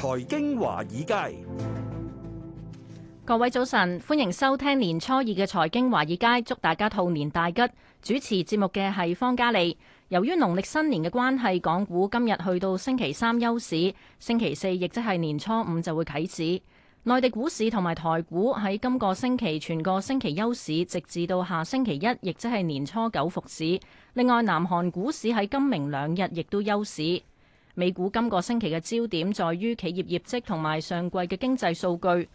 財經華爾街，各位早晨，歡迎收聽年初二嘅財經華爾街，祝大家兔年大吉。主持節目嘅係方嘉利。由於農曆新年嘅關係，港股今日去到星期三休市，星期四亦即係年初五就會啟市。內地股市同埋台股喺今個星期全個星期休市，直至到下星期一，亦即係年初九復市。另外，南韓股市喺今明兩日亦都休市。美股今個星期嘅焦點在於企業業績同埋上季嘅經濟數據，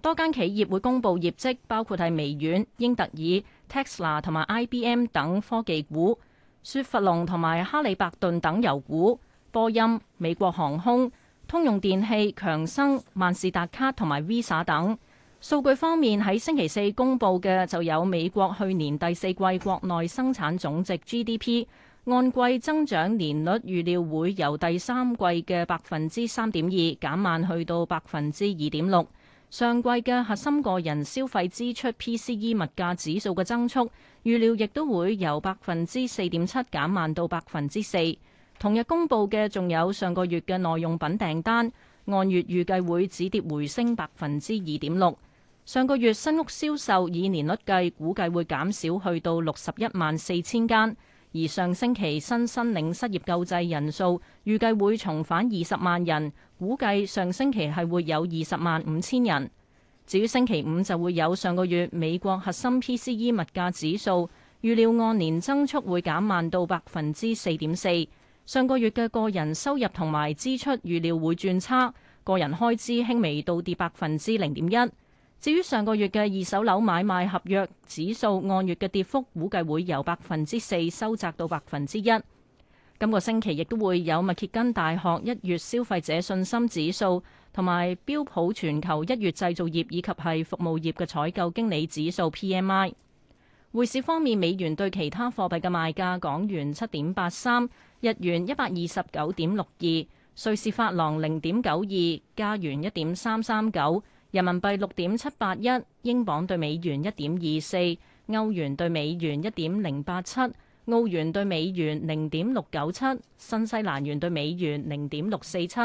多間企業會公布業績，包括係微軟、英特爾、Tesla 同埋 IBM 等科技股，雪佛龍同埋哈里伯頓等油股，波音、美國航空、通用電器、強生、萬事達卡同埋 Visa 等。數據方面喺星期四公布嘅就有美國去年第四季國內生產總值 GDP。按季增長年率預料會由第三季嘅百分之三點二減慢去到百分之二點六。上季嘅核心個人消費支出 PCE 物價指數嘅增速預料亦都會由百分之四點七減慢到百分之四。同日公佈嘅仲有上個月嘅耐用品訂單，按月預計會止跌回升百分之二點六。上個月新屋銷售以年率計，估計會減少去到六十一萬四千間。而上星期新申領失業救濟人數預計會重返二十萬人，估計上星期係會有二十萬五千人。至於星期五就會有上個月美國核心 PCE 物價指數預料按年增速會減慢到百分之四點四。上個月嘅個人收入同埋支出預料會轉差，個人開支輕微倒跌百分之零點一。至於上個月嘅二手樓買賣合約指數按月嘅跌幅，估計會由百分之四收窄到百分之一。今個星期亦都會有密歇根大學一月消費者信心指數，同埋標普全球一月製造業以及係服務業嘅採購經理指數 （PMI）。匯市方面，美元對其他貨幣嘅賣價，港元七點八三，日元一百二十九點六二，瑞士法郎零點九二，加元一點三三九。人民幣六點七八一，英鎊對美元一點二四，歐元對美元一點零八七，澳元對美元零點六九七，新西蘭元對美元零點六四七。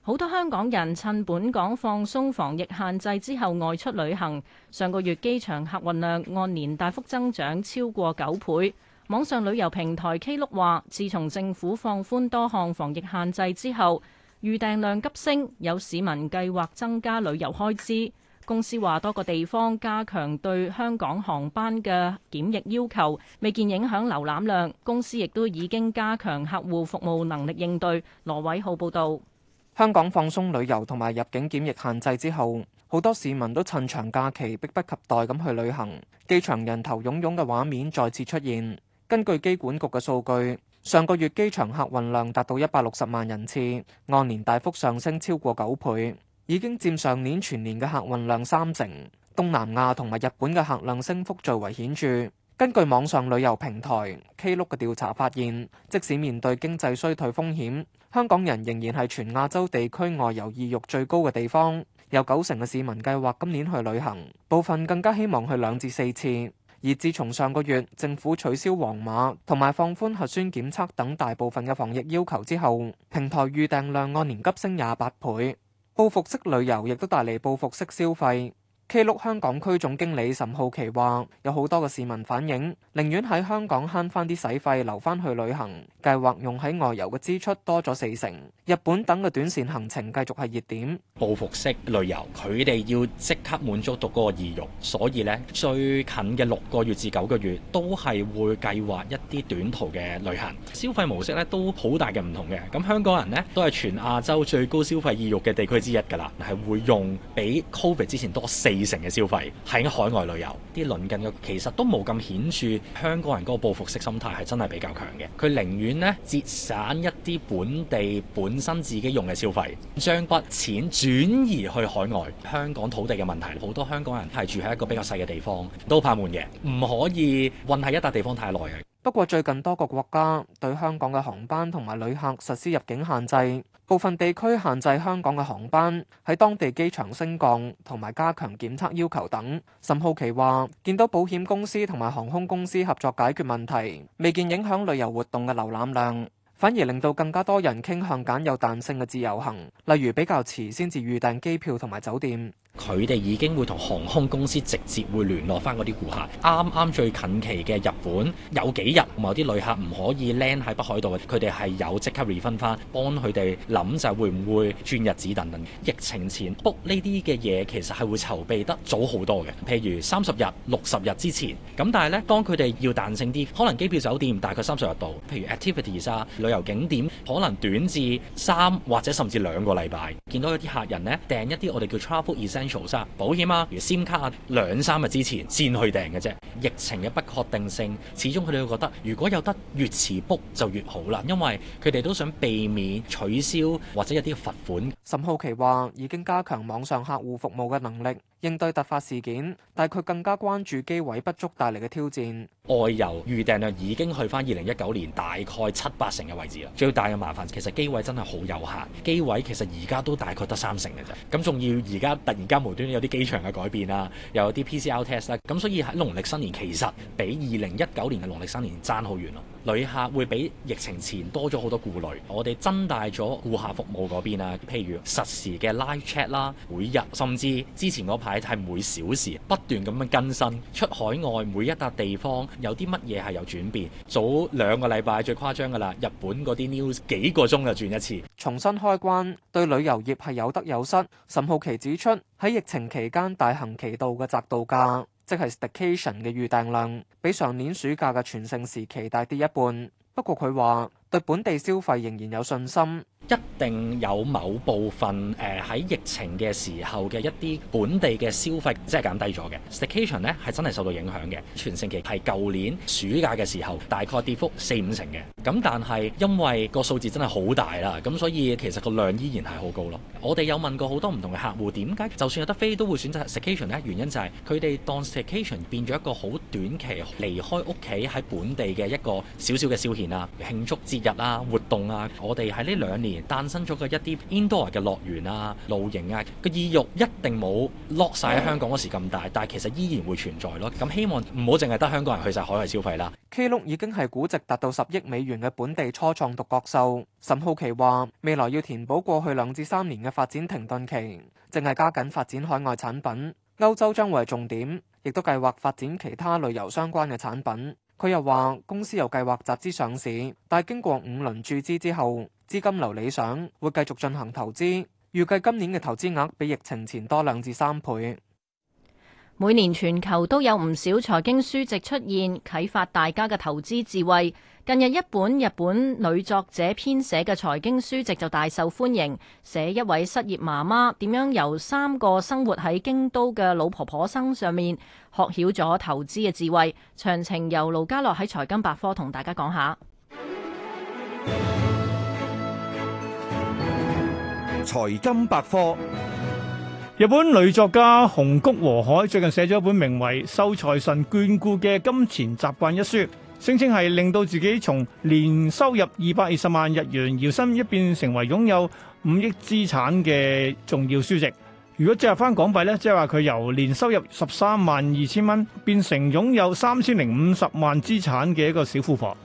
好多香港人趁本港放鬆防疫限制之後外出旅行，上個月機場客運量按年大幅增長超過九倍。網上旅遊平台 Klook 話，自從政府放寬多項防疫限制之後，預訂量急升，有市民計劃增加旅遊開支。公司話多個地方加強對香港航班嘅檢疫要求，未見影響瀏覽量。公司亦都已經加強客戶服務能力應對。羅偉浩報導。香港放鬆旅遊同埋入境檢疫限制之後，好多市民都趁長假期迫不及待咁去旅行，機場人頭湧湧嘅畫面再次出現。根據機管局嘅數據。上個月機場客運量達到一百六十萬人次，按年大幅上升超過九倍，已經佔上年全年嘅客運量三成。東南亞同埋日本嘅客量升幅最為顯著。根據網上旅遊平台 Klook 嘅調查發現，即使面對經濟衰退風險，香港人仍然係全亞洲地區外遊意欲最高嘅地方，有九成嘅市民計劃今年去旅行，部分更加希望去兩至四次。而自從上個月政府取消黃碼同埋放寬核酸檢測等大部分嘅防疫要求之後，平台預訂量按年急升廿八倍，報復式旅遊亦都帶嚟報復式消費。Klook 香港區總經理岑浩琪話：有好多嘅市民反映，寧願喺香港慳翻啲使費，留翻去旅行計劃用喺外遊嘅支出多咗四成。日本等嘅短綫行程繼續係熱點，報復式旅遊，佢哋要即刻滿足到嗰個意欲，所以呢，最近嘅六個月至九個月都係會計劃一啲短途嘅旅行，消費模式呢都好大嘅唔同嘅。咁香港人呢都係全亞洲最高消費意欲嘅地區之一噶啦，係會用比 Covid 之前多四。已成嘅消費喺海外旅遊，啲鄰近嘅其實都冇咁顯著。香港人嗰個報復式心態係真係比較強嘅，佢寧願呢節省一啲本地本身自己用嘅消費，將筆錢轉移去海外。香港土地嘅問題，好多香港人係住喺一個比較細嘅地方，都怕悶嘅，唔可以混喺一笪地方太耐嘅。不過最近多個國家對香港嘅航班同埋旅客實施入境限制，部分地區限制香港嘅航班喺當地機場升降同埋加強檢測要求等。沈浩奇話：見到保險公司同埋航空公司合作解決問題，未見影響旅遊活動嘅瀏覽量，反而令到更加多人傾向揀有彈性嘅自由行，例如比較遲先至預訂機票同埋酒店。佢哋已經會同航空公司直接會聯絡翻嗰啲顧客。啱啱最近期嘅日本有幾日，某啲旅客唔可以 land 喺北海道嘅，佢哋係有即刻 refund 翻，幫佢哋諗就係會唔會轉日子等等。疫情前 book 呢啲嘅嘢其實係會籌備得早好多嘅，譬如三十日、六十日之前。咁但係呢，當佢哋要彈性啲，可能機票、酒店大概三十日度，譬如 activities 啊、旅遊景點，可能短至三或者甚至兩個禮拜。見到有啲客人呢，訂一啲我哋叫 travel extension 保險啊，如先卡兩三日之前先去訂嘅啫。疫情嘅不確定性，始終佢哋會覺得如果有得越遲 book 就越好啦，因為佢哋都想避免取消或者一啲罰款。沈浩奇話：已經加強網上客戶服務嘅能力。應對突發事件，但係佢更加關注機位不足帶嚟嘅挑戰。外遊預訂量已經去返二零一九年大概七八成嘅位置啦。最大嘅麻煩其實機位真係好有限，機位其實而家都大概得三成嘅啫。咁仲要而家突然間無端有啲機場嘅改變啦，又有啲 PCR test 啦，咁所以喺農曆新年其實比二零一九年嘅農曆新年爭好遠咯。旅客會比疫情前多咗好多顧慮，我哋增大咗顧客服務嗰邊啊，譬如實時嘅 live chat 啦，每日甚至之前嗰排係每小時不斷咁樣更新出海外每一笪地方有啲乜嘢係有轉變，早兩個禮拜最誇張㗎啦，日本嗰啲 news 幾個鐘就轉一次。重新開關對旅遊業係有得有失。沈浩其指出喺疫情期間大行其道嘅宅度假。即係 staycation 嘅預訂量，比上年暑假嘅全盛時期大跌一半。不過佢話，對本地消費仍然有信心，一定有某部分誒喺、呃、疫情嘅時候嘅一啲本地嘅消費即係減低咗嘅。Staycation 咧係真係受到影響嘅，全盛期係舊年暑假嘅時候，大概跌幅四五成嘅。咁但係因為個數字真係好大啦，咁所以其實個量依然係好高咯。我哋有問過好多唔同嘅客戶，點解就算有得飛都會選擇 Staycation 呢？原因就係佢哋當 Staycation 變咗一個好短期離開屋企喺本地嘅一個小小嘅消遣啊，慶祝日啊，活動啊，我哋喺呢兩年誕生咗嘅一啲 indoor 嘅樂園啊、露營啊，個意欲一定冇落晒喺香港嗰時咁大，但係其實依然會存在咯。咁希望唔好淨係得香港人去晒海外消費啦。K 六已經係估值達到十億美元嘅本地初創獨角獸。沈浩奇話：未來要填補過去兩至三年嘅發展停頓期，淨係加緊發展海外產品，歐洲將會係重點，亦都計劃發展其他旅遊相關嘅產品。佢又話：公司有計劃集資上市，但經過五輪注資之後，資金流理想，會繼續進行投資。預計今年嘅投資額比疫情前多兩至三倍。每年全球都有唔少財經書籍出現，啟發大家嘅投資智慧。近日一本日本女作者編寫嘅財經書籍就大受歡迎，寫一位失業媽媽點樣由三個生活喺京都嘅老婆婆身上面學曉咗投資嘅智慧。詳情由盧家樂喺財金百科同大家講下。財金百科。日本女作家紅谷和海最近寫咗一本名為《受財神眷顧嘅金錢習慣》一書，聲稱係令到自己從年收入二百二十萬日元搖身一變成為擁有五億資產嘅重要書籍。如果折合翻港幣呢，即係話佢由年收入十三萬二千蚊變成擁有三千零五十萬資產嘅一個小富婆。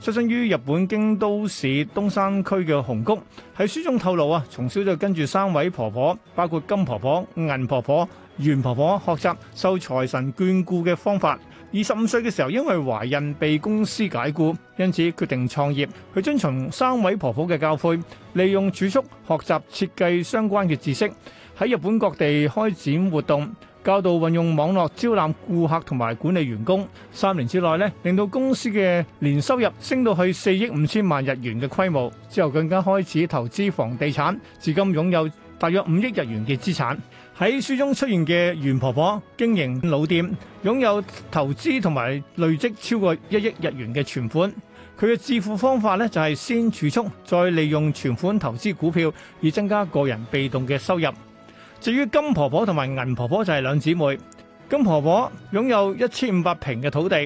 出身於日本京都市東山區嘅紅谷喺書中透露啊，從小就跟住三位婆婆，包括金婆婆、銀婆婆、元婆婆學習受財神眷顧嘅方法。二十五歲嘅時候，因為懷孕被公司解雇，因此決定創業。佢遵從三位婆婆嘅教誨，利用儲蓄學習設計相關嘅知識，喺日本各地開展活動。教導運用網絡招攬顧客同埋管理員工，三年之內咧，令到公司嘅年收入升到去四億五千萬日元嘅規模，之後更加開始投資房地產，至今擁有大約五億日元嘅資產。喺書中出現嘅袁婆婆經營老店，擁有投資同埋累積超過一億日元嘅存款。佢嘅致富方法咧就係先儲蓄，再利用存款投資股票，以增加個人被動嘅收入。至於金婆婆同埋銀婆婆就係兩姊妹。金婆婆擁有一千五百坪嘅土地，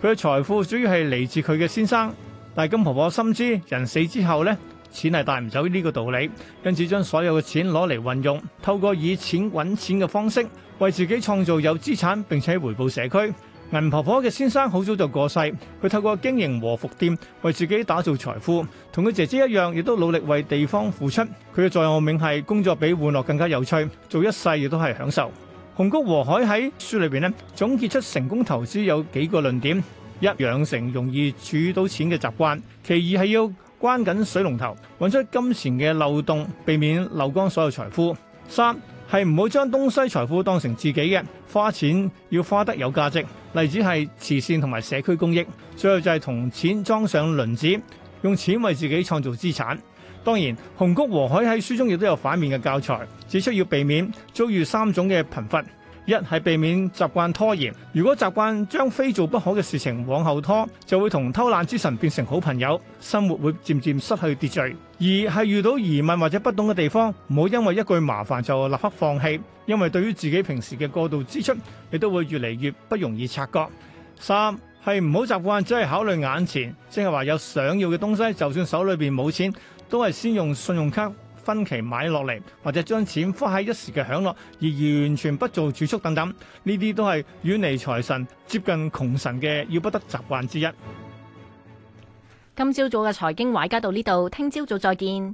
佢嘅財富主要係嚟自佢嘅先生。但係金婆婆深知人死之後呢，錢係帶唔走呢個道理，因此將所有嘅錢攞嚟運用，透過以錢揾錢嘅方式，為自己創造有資產並且回報社區。銀婆婆嘅先生好早就過世，佢透過經營和服店為自己打造財富，同佢姐姐一樣，亦都努力為地方付出。佢嘅座右銘係工作比玩樂更加有趣，做一世亦都係享受。紅谷和海喺書裏邊呢，總結出成功投資有幾個論點：一，養成容易儲到錢嘅習慣；其二係要關緊水龍頭，揾出金錢嘅漏洞，避免漏光所有財富。三係唔好將東西財富當成自己嘅，花錢要花得有價值。例子係慈善同埋社區公益，最後就係同錢裝上輪子，用錢為自己創造資產。當然，紅谷和海喺書中亦都有反面嘅教材，指出要避免遭遇三種嘅貧乏。一係避免習慣拖延，如果習慣將非做不可嘅事情往後拖，就會同偷懶之神變成好朋友，生活會漸漸失去秩序。二係遇到疑問或者不懂嘅地方，唔好因為一句麻煩就立刻放棄，因為對於自己平時嘅過度支出，亦都會越嚟越不容易察覺。三係唔好習慣只係考慮眼前，即係話有想要嘅東西，就算手裏邊冇錢，都係先用信用卡，分期買落嚟，或者將錢花喺一時嘅享樂，而完全不做儲蓄等等，呢啲都係遠離財神、接近窮神嘅要不得習慣之一。今朝早嘅財經華爾街到呢度，聽朝早，早再見。